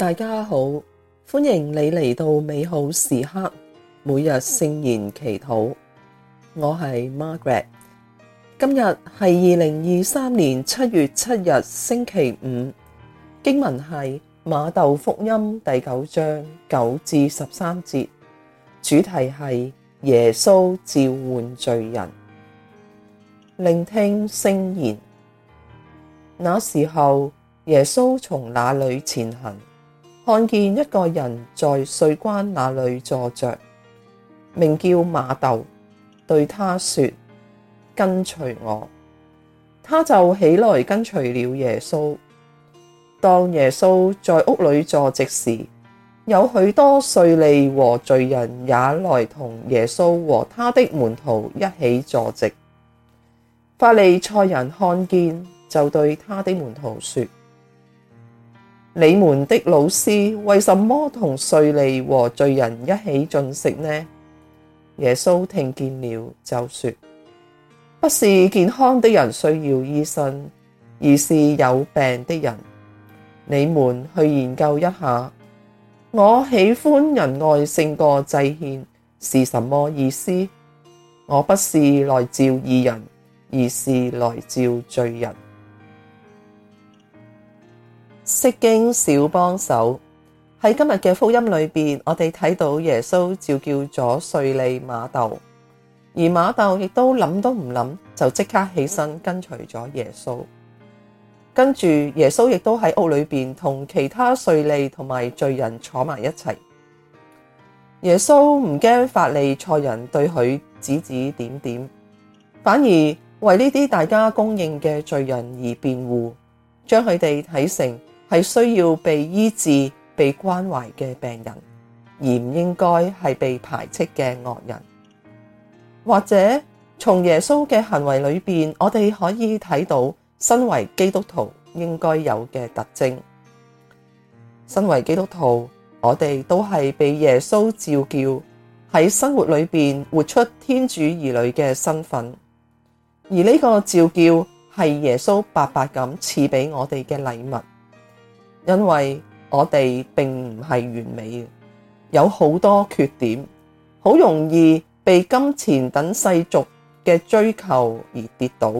大家好，歡迎你嚟到美好時刻每日聖言祈禱。我係 Margaret，今日係二零二三年七月七日星期五。經文係瑪竇福音第九章九至十三節，主題係耶穌召喚罪人。聆聽聖言。那時候耶穌從那裏前行，看見一個人在稅關那裏坐着，名叫馬竇，對他說：跟隨我。他就起來跟隨了耶穌。當耶穌在屋裏坐席時，有許多稅吏和罪人也來同耶穌和他的門徒一起坐席。法利賽人看見，就對他的門徒說：你們的老師為什麼同稅吏和罪人一起進食呢？耶穌聽見了，就說：不是健康的人需要醫生，而是有病的人。你們去研究一下。我喜歡仁愛勝過祭獻是什麼意思？我不是來召義人，而是來召罪人。釋經小幫手，喺今日嘅福音裏邊，我哋睇到耶穌召叫咗稅吏瑪竇，而瑪竇亦都諗都唔諗就即刻起身跟隨咗耶穌。跟住耶穌亦都喺屋裏邊同其他稅吏同埋罪人坐埋一齊。耶穌唔驚法利賽人對佢指指點點，反而為呢啲大家公認嘅罪人而辯護，將佢哋睇成。係需要被醫治、被關懷嘅病人，而唔應該係被排斥嘅惡人。或者從耶穌嘅行為裏邊，我哋可以睇到身為基督徒應該有嘅特徵。身為基督徒，我哋都係被耶穌召叫，喺生活裏邊活出天主兒女嘅身份，而呢個召叫係耶穌白白咁賜俾我哋嘅禮物。因為我哋並唔係完美嘅，有好多缺點，好容易被金錢等世俗嘅追求而跌倒，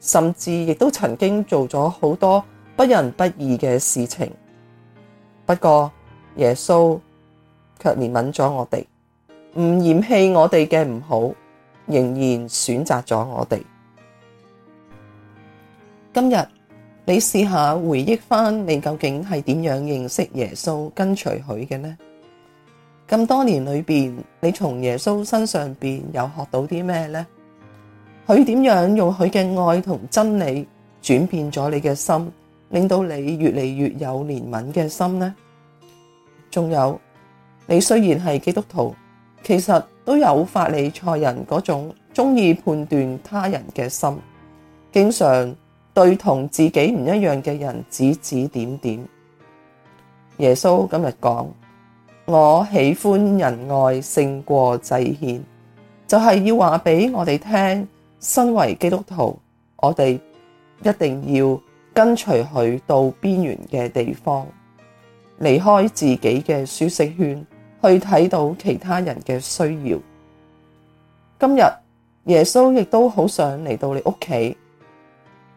甚至亦都曾經做咗好多不仁不義嘅事情。不過耶穌卻憐憫咗我哋，唔嫌棄我哋嘅唔好，仍然選擇咗我哋。今日。你試下回憶翻，你究竟係點樣認識耶穌、跟隨佢嘅呢？咁多年裏邊，你從耶穌身上邊又學到啲咩呢？佢點樣用佢嘅愛同真理轉變咗你嘅心，令到你越嚟越有憐憫嘅心呢？仲有，你雖然係基督徒，其實都有法利塞人嗰種中意判斷他人嘅心，經常。對同自己唔一樣嘅人指指點點。耶穌今日講，我喜歡仁愛勝過祭獻，就係要話俾我哋聽，身為基督徒，我哋一定要跟隨佢到邊緣嘅地方，離開自己嘅舒適圈，去睇到其他人嘅需要。今日耶穌亦都好想嚟到你屋企。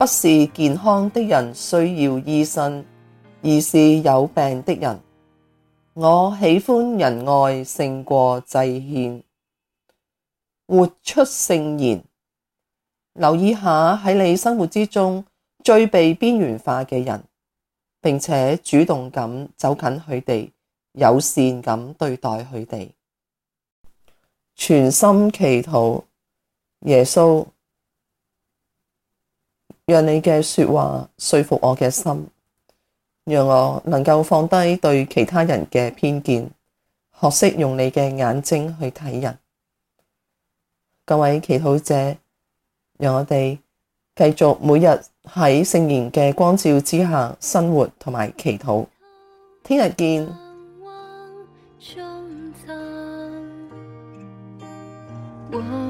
不是健康的人需要醫生，而是有病的人。我喜歡仁愛勝過祭獻，活出聖言。留意下喺你生活之中最被邊緣化嘅人，並且主動咁走近佢哋，友善咁對待佢哋，全心祈禱耶穌。讓你嘅說話說服我嘅心，讓我能夠放低對其他人嘅偏見，學識用你嘅眼睛去睇人。各位祈禱者，讓我哋繼續每日喺聖言嘅光照之下生活同埋祈禱。聽日見。